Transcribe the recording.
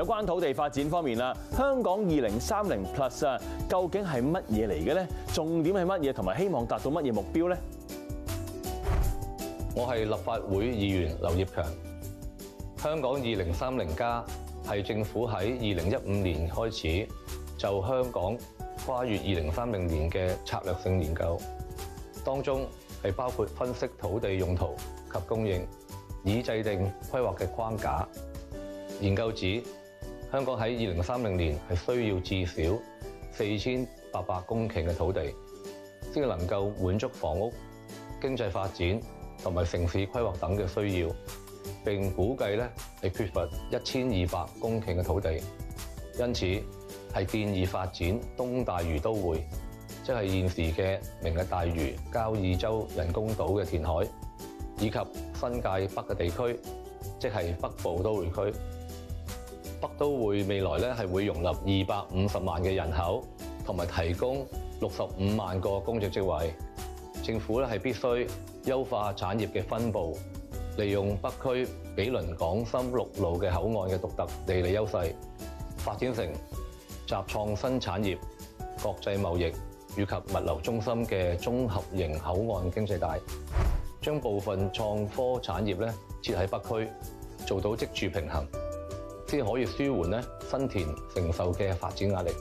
有關土地發展方面啦，香港二零三零 Plus 究竟係乜嘢嚟嘅咧？重點係乜嘢，同埋希望達到乜嘢目標咧？我係立法會議員劉業強。香港二零三零加係政府喺二零一五年開始就香港跨越二零三零年嘅策略性研究，當中係包括分析土地用途及供應，以制定規劃嘅框架。研究指，香港喺二零三零年係需要至少四千八百公頃嘅土地，先能夠滿足房屋、經濟發展同埋城市規劃等嘅需要。並估計咧係缺乏一千二百公頃嘅土地，因此係建議發展東大嶼都會，即係現時嘅明日大嶼、交椅洲人工島嘅填海，以及新界北嘅地區，即係北部都會區。北都會未來咧係會容納二百五十萬嘅人口，同埋提供六十五萬個工作職位。政府咧係必須優化產業嘅分布，利用北區比鄰港深陸路嘅口岸嘅獨特地理優勢，發展成集創新產業、國際貿易以及物流中心嘅綜合型口岸經濟帶，將部分創科產業咧設喺北區，做到職住平衡。先可以舒緩咧新田承受嘅發展壓力。